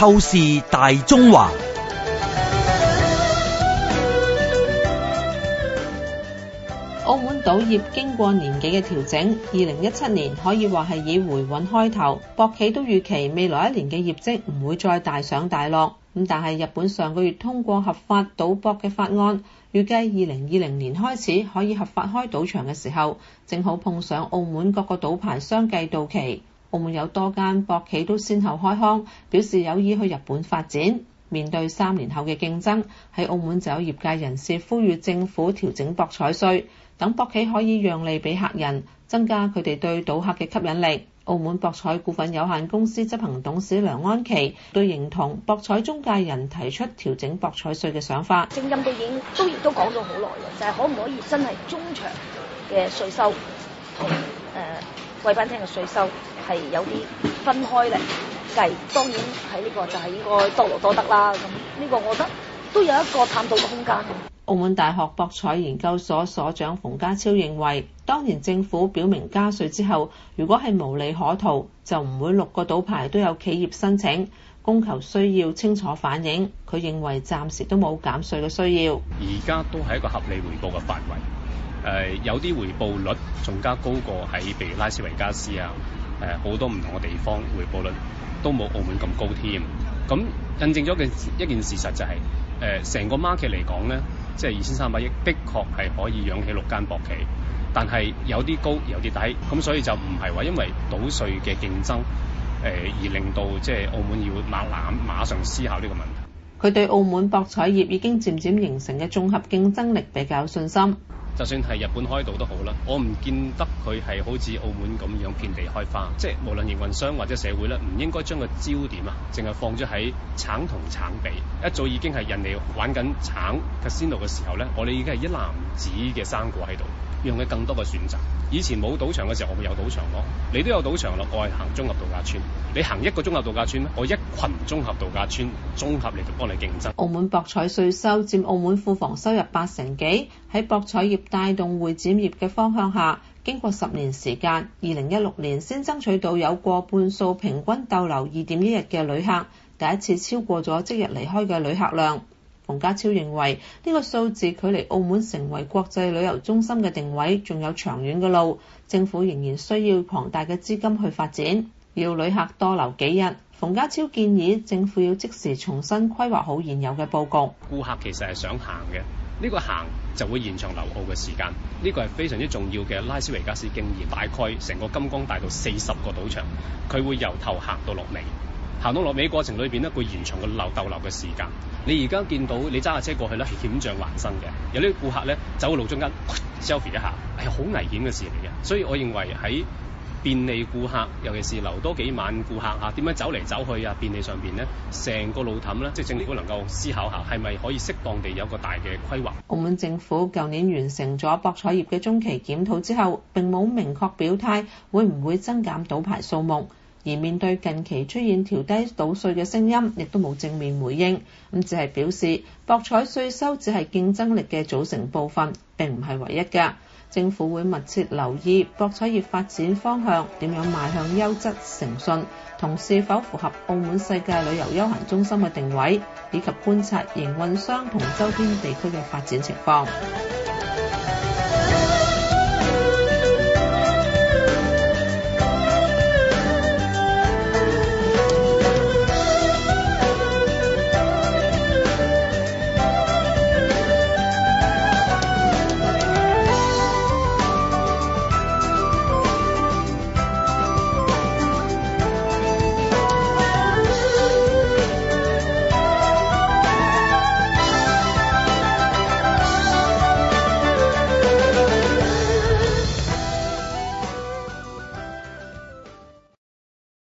透視大中華。澳門賭業經過年幾嘅調整，二零一七年可以話係以回穩開頭，博企都預期未來一年嘅業績唔會再大上大落。咁但係日本上個月通過合法賭博嘅法案，預計二零二零年開始可以合法開賭場嘅時候，正好碰上澳門各個賭牌相繼到期。澳門有多間博企都先後開腔，表示有意去日本發展。面對三年後嘅競爭，喺澳門就有業界人士呼籲政府調整博彩稅，等博企可以讓利俾客人，增加佢哋對賭客嘅吸引力。澳門博彩股份有限公司執行董事梁安琪對認同博彩中介人提出調整博彩稅嘅想法。聲音都已經都亦都講咗好耐嘅，啫、就係，可唔可以真係中場嘅稅收同誒、呃、貴賓廳嘅稅收？係有啲分開嚟計，當然喺呢個就係應該多勞多得啦。咁呢個我覺得都有一個探討嘅空間。澳門大學博彩研究所所長馮家超認為，當年政府表明加稅之後，如果係無利可圖，就唔會六個賭牌都有企業申請。供求需要清楚反映，佢認為暫時都冇減稅嘅需要。而家都係一個合理回報嘅範圍，誒有啲回報率仲加高過喺譬如拉斯維加斯啊。誒好多唔同嘅地方回報率都冇澳門咁高添，咁印證咗嘅一件事實就係，誒成個 market 嚟講咧，即係二千三百億，的確係可以養起六間博企，但係有啲高有啲低，咁所以就唔係話因為賭稅嘅競爭，誒而令到即係澳門要馬攬馬上思考呢個問題。佢對澳門博彩業已經漸漸形成嘅綜合競爭力比較有信心。就算係日本開賭都好啦，我唔見得佢係好似澳門咁樣遍地開花，即係無論營運商或者社會咧，唔應該將個焦點啊，淨係放咗喺橙同橙比。一早已經係人哋玩緊橙 Casino 嘅時候咧，我哋已經係一籃子嘅生果喺度，用佢更多嘅選擇。以前冇賭場嘅時候，我咪有賭場咯。你都有賭場咯，我係行綜合度假村。你行一個綜合度假村，我一群綜合度假村綜合嚟就幫你競爭。澳門博彩稅收佔澳門庫房收入八成幾，喺博彩業帶動會展業嘅方向下，經過十年時間，二零一六年先爭取到有過半數平均逗留二點一日嘅旅客，第一次超過咗即日離開嘅旅客量。馮家超認為呢個數字距離澳門成為國際旅遊中心嘅定位仲有長遠嘅路，政府仍然需要龐大嘅資金去發展，要旅客多留幾日。馮家超建議政府要即時重新規劃好現有嘅佈局。顧客其實係想行嘅，呢個行就會延長留澳嘅時間，呢個係非常之重要嘅。拉斯維加斯經驗，大概成個金光大道四十個賭場，佢會由頭行到落尾。行到落尾過程裏邊，呢佢延長嘅漏逗留嘅時間。你而家見到你揸架車過去咧，係險象環生嘅。有啲顧客咧，走路中間 selfie 一下，係好危險嘅事嚟嘅。所以我認為喺便利顧客，尤其是留多幾晚顧客吓，點樣走嚟走去啊？便利上邊咧，成個路氹咧，即係政府能夠思考下，係咪可以適當地有個大嘅規劃。澳門政府舊年完成咗博彩業嘅中期檢討之後，並冇明確表態會唔會增減賭牌數目。而面對近期出現調低賭稅嘅聲音，亦都冇正面回應，咁只係表示博彩稅收只係競爭力嘅組成部分，並唔係唯一嘅。政府會密切留意博彩業發展方向，點樣邁向優質誠信，同是否符合澳門世界旅遊休閒中心嘅定位，以及觀察營運商同周邊地區嘅發展情況。